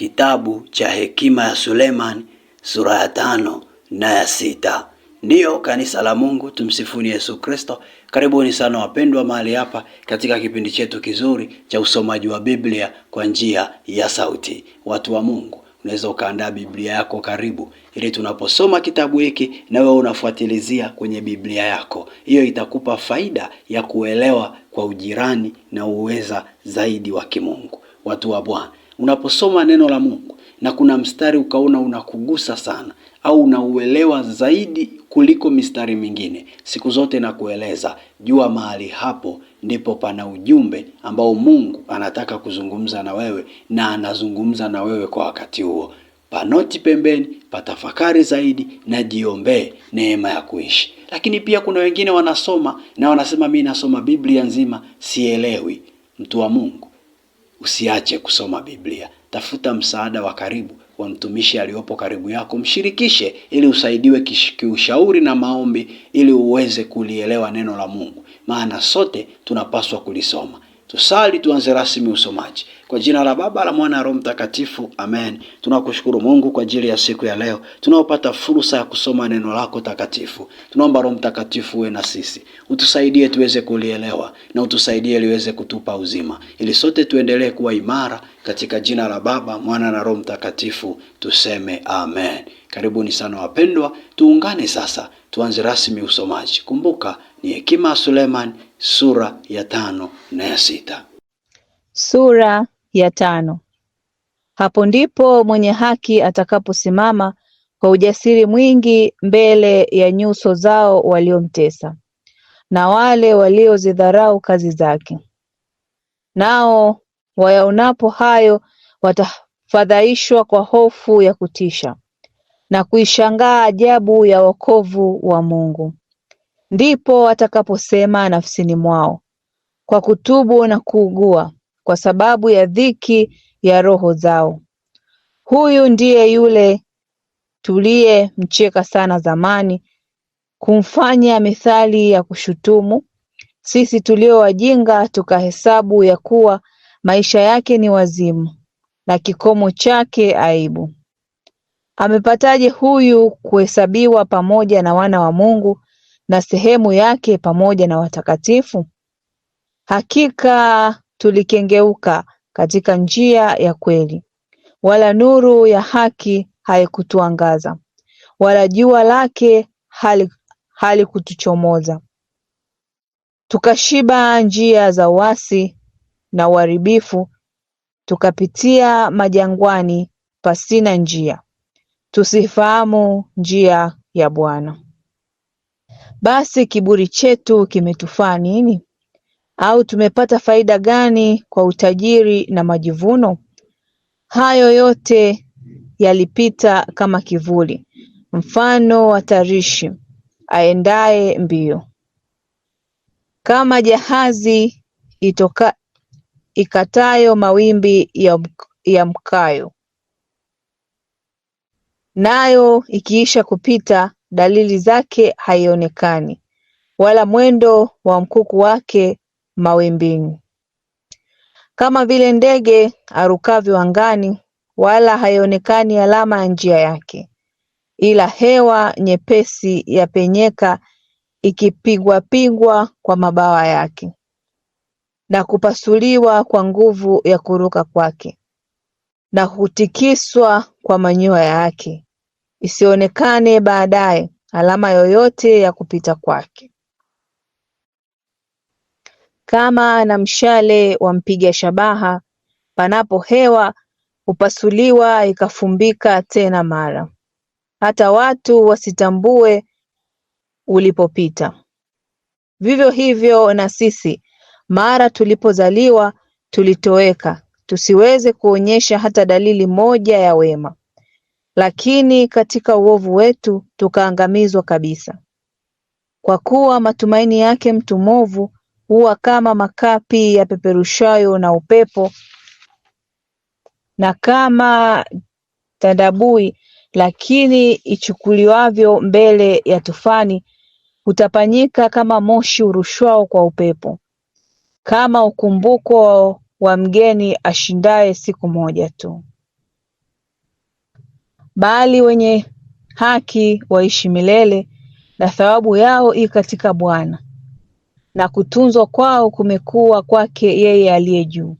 kitabu cha hekima ya Suleiman sura ya tano na ya sita. Ndiyo kanisa la Mungu, tumsifuni Yesu Kristo. Karibuni sana wapendwa mahali hapa katika kipindi chetu kizuri cha usomaji wa Biblia kwa njia ya sauti. Watu wa Mungu, unaweza ukaandaa Biblia yako karibu, ili tunaposoma kitabu hiki na wewe unafuatilizia kwenye Biblia yako. Hiyo itakupa faida ya kuelewa kwa ujirani na uweza zaidi wa kimungu. Watu wa Bwana, Unaposoma neno la Mungu na kuna mstari ukaona unakugusa sana au unauelewa zaidi kuliko mistari mingine, siku zote na kueleza jua, mahali hapo ndipo pana ujumbe ambao Mungu anataka kuzungumza na wewe, na anazungumza na wewe kwa wakati huo. Panoti pembeni, patafakari zaidi na jiombee neema ya kuishi. Lakini pia kuna wengine wanasoma na wanasema, mimi nasoma Biblia nzima sielewi. Mtu wa Mungu, Usiache kusoma Biblia. Tafuta msaada wa karibu wa mtumishi aliyopo karibu yako, mshirikishe ili usaidiwe kiushauri na maombi, ili uweze kulielewa neno la Mungu, maana sote tunapaswa kulisoma. Tusali tuanze rasmi usomaji. Kwa jina la Baba la Mwana na Roho Mtakatifu, amen. Tunakushukuru Mungu kwa ajili ya siku ya leo tunaopata fursa ya kusoma neno lako takatifu. Tunaomba Roho Mtakatifu uwe na sisi, utusaidie tuweze kulielewa na utusaidie liweze kutupa uzima, ili sote tuendelee kuwa imara. Katika jina la Baba, Mwana na Roho Mtakatifu tuseme amen. Karibuni sana wapendwa, tuungane sasa, tuanze rasmi usomaji. Kumbuka ni hekima ya Suleiman sura ya tano na ya sita. Sura ya tano. Hapo ndipo mwenye haki atakaposimama kwa ujasiri mwingi mbele ya nyuso zao waliomtesa na wale waliozidharau kazi zake. Nao wayaonapo hayo watafadhaishwa kwa hofu ya kutisha na kuishangaa ajabu ya wokovu wa Mungu ndipo watakaposema nafsini mwao kwa kutubu na kuugua kwa sababu ya dhiki ya roho zao, huyu ndiye yule tuliyemcheka sana zamani, kumfanya mithali ya kushutumu; sisi tulio wajinga tukahesabu ya kuwa maisha yake ni wazimu, na kikomo chake aibu. Amepataje huyu kuhesabiwa pamoja na wana wa Mungu na sehemu yake pamoja na watakatifu? Hakika tulikengeuka katika njia ya kweli, wala nuru ya haki haikutuangaza, wala jua lake halikutuchomoza. Tukashiba njia za uasi na uharibifu, tukapitia majangwani pasina njia, tusifahamu njia ya Bwana. Basi kiburi chetu kimetufaa nini au tumepata faida gani kwa utajiri na majivuno? Hayo yote yalipita kama kivuli, mfano wa tarishi aendaye mbio. Kama jahazi itoka ikatayo mawimbi ya mkayo nayo ikiisha kupita dalili zake haionekani wala mwendo wa mkuku wake mawimbini, kama vile ndege arukavyo angani, wala haionekani alama ya njia yake, ila hewa nyepesi yapenyeka ikipigwapigwa kwa mabawa yake na kupasuliwa kwa nguvu ya kuruka kwake na kutikiswa kwa manyoya yake isionekane baadaye alama yoyote ya kupita kwake kama na mshale wa mpiga shabaha panapo hewa hupasuliwa ikafumbika tena mara, hata watu wasitambue ulipopita. Vivyo hivyo na sisi, mara tulipozaliwa tulitoweka, tusiweze kuonyesha hata dalili moja ya wema lakini katika uovu wetu tukaangamizwa kabisa. Kwa kuwa matumaini yake mtu mwovu huwa kama makapi yapeperushayo na upepo, na kama tandabui, lakini ichukuliwavyo mbele ya tufani, hutapanyika kama moshi urushwao kwa upepo, kama ukumbuko wa mgeni ashindaye siku moja tu bali wenye haki waishi milele na thawabu yao i katika Bwana na kutunzwa kwao kumekuwa kwake yeye aliye juu.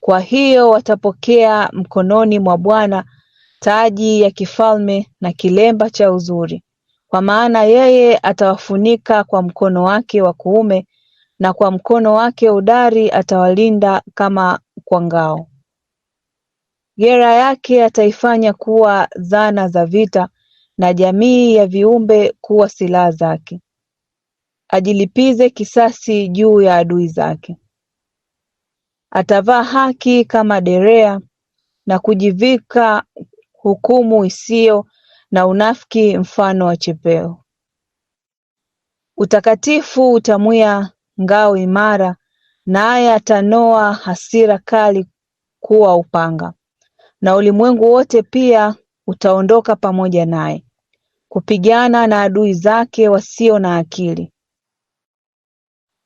Kwa hiyo watapokea mkononi mwa Bwana taji ya kifalme na kilemba cha uzuri, kwa maana yeye atawafunika kwa mkono wake wa kuume, na kwa mkono wake udari atawalinda kama kwa ngao. Gera yake ataifanya kuwa zana za vita na jamii ya viumbe kuwa silaha zake ajilipize kisasi juu ya adui zake atavaa haki kama derea na kujivika hukumu isiyo na unafiki mfano wa chepeo. Utakatifu utamwia ngao imara, naye atanoa hasira kali kuwa upanga na ulimwengu wote pia utaondoka pamoja naye kupigana na adui zake wasio na akili.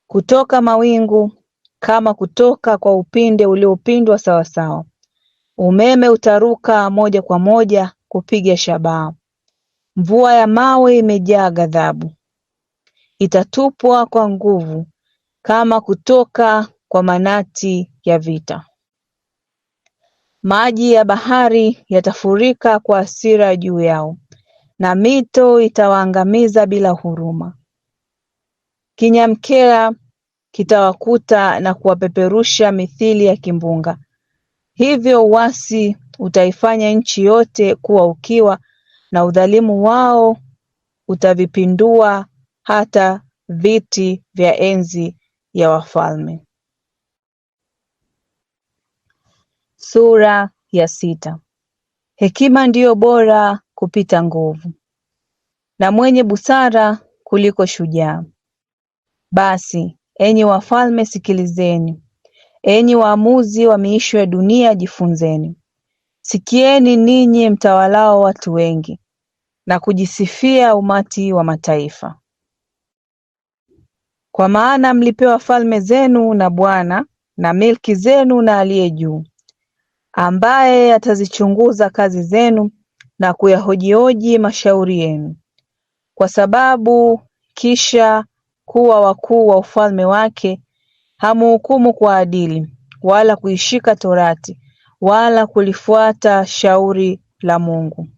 Kutoka mawingu kama kutoka kwa upinde uliopindwa sawasawa, umeme utaruka moja kwa moja kupiga shabaha. Mvua ya mawe imejaa ghadhabu, itatupwa kwa nguvu kama kutoka kwa manati ya vita. Maji ya bahari yatafurika kwa hasira juu yao, na mito itawaangamiza bila huruma. Kinyamkela kitawakuta na kuwapeperusha mithili ya kimbunga. Hivyo uasi utaifanya nchi yote kuwa ukiwa, na udhalimu wao utavipindua hata viti vya enzi ya wafalme. Sura ya sita. Hekima ndiyo bora kupita nguvu, na mwenye busara kuliko shujaa. Basi enyi wafalme sikilizeni, enyi waamuzi wa miisho ya dunia jifunzeni. Sikieni ninyi mtawalao watu wengi, na kujisifia umati wa mataifa. Kwa maana mlipewa falme zenu na Bwana, na milki zenu na aliye juu ambaye atazichunguza kazi zenu na kuyahojihoji mashauri yenu, kwa sababu kisha kuwa wakuu wa ufalme wake hamuhukumu kwa adili, wala kuishika Torati, wala kulifuata shauri la Mungu.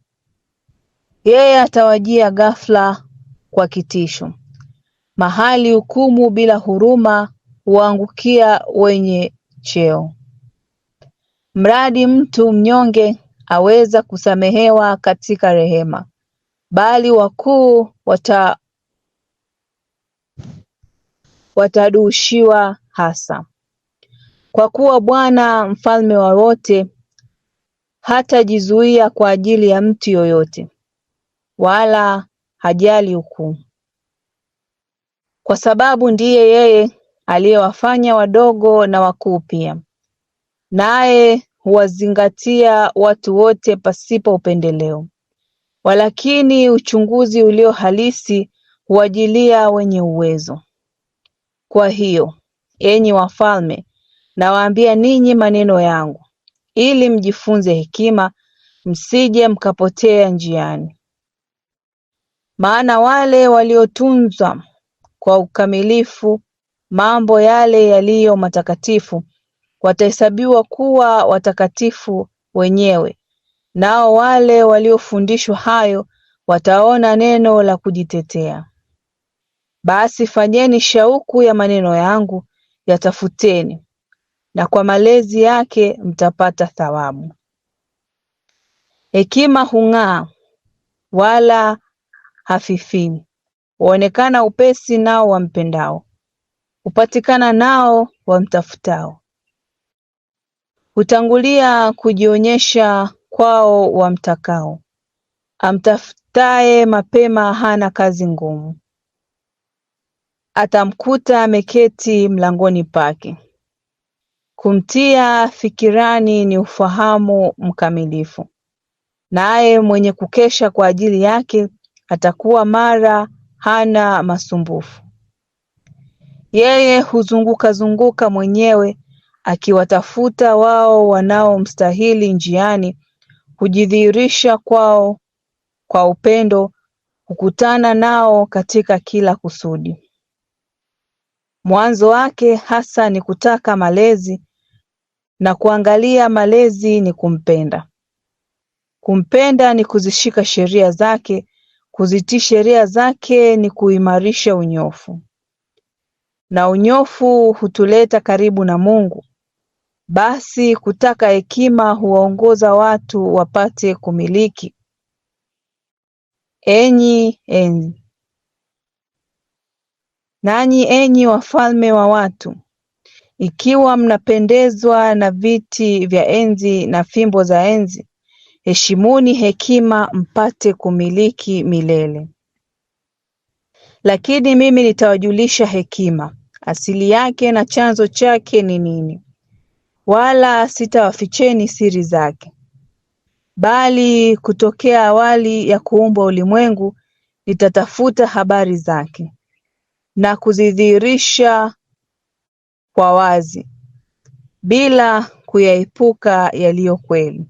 Yeye atawajia ghafla kwa kitisho, mahali hukumu bila huruma huangukia wenye cheo. Mradi mtu mnyonge aweza kusamehewa katika rehema, bali wakuu watadushiwa hasa, kwa kuwa Bwana mfalme wa wote hatajizuia kwa ajili ya mtu yoyote wala hajali ukuu, kwa sababu ndiye yeye aliyewafanya wadogo na wakuu pia, naye huwazingatia watu wote pasipo upendeleo. Walakini uchunguzi ulio halisi huajilia wenye uwezo. Kwa hiyo, enyi wafalme, nawaambia ninyi maneno yangu, ili mjifunze hekima, msije mkapotea njiani. Maana wale waliotunzwa kwa ukamilifu mambo yale yaliyo matakatifu watahesabiwa kuwa watakatifu wenyewe nao wale waliofundishwa hayo wataona neno la kujitetea. Basi fanyeni shauku ya maneno yangu, yatafuteni, na kwa malezi yake mtapata thawabu. Hekima hung'aa wala hafifini, huonekana upesi nao wampendao, hupatikana nao wamtafutao. Hutangulia kujionyesha kwao wamtakao, amtafutaye mapema hana kazi ngumu, atamkuta ameketi mlangoni pake. Kumtia fikirani ni ufahamu mkamilifu, naye mwenye kukesha kwa ajili yake atakuwa mara hana masumbufu. Yeye huzungukazunguka mwenyewe akiwatafuta wao wanaomstahili njiani hujidhihirisha kwao kwa upendo hukutana nao katika kila kusudi mwanzo wake hasa ni kutaka malezi na kuangalia malezi ni kumpenda kumpenda ni kuzishika sheria zake kuzitii sheria zake ni kuimarisha unyofu na unyofu hutuleta karibu na Mungu basi kutaka hekima huwaongoza watu wapate kumiliki. Enyi enyi nanyi enyi wafalme wa watu, ikiwa mnapendezwa na viti vya enzi na fimbo za enzi, heshimuni hekima, mpate kumiliki milele. Lakini mimi nitawajulisha hekima, asili yake na chanzo chake ni nini wala sitawaficheni siri zake. Bali kutokea awali ya kuumbwa ulimwengu nitatafuta habari zake na kuzidhihirisha kwa wazi, bila kuyaepuka yaliyo kweli.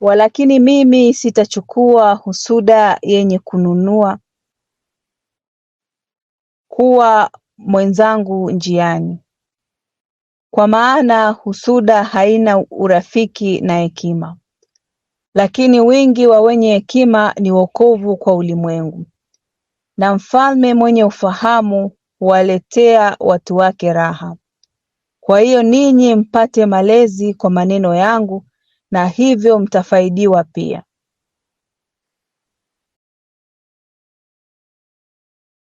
Walakini mimi sitachukua husuda yenye kununua kuwa mwenzangu njiani, kwa maana husuda haina urafiki na hekima, lakini wingi wa wenye hekima ni wokovu kwa ulimwengu, na mfalme mwenye ufahamu huwaletea watu wake raha. Kwa hiyo ninyi mpate malezi kwa maneno yangu, na hivyo mtafaidiwa pia.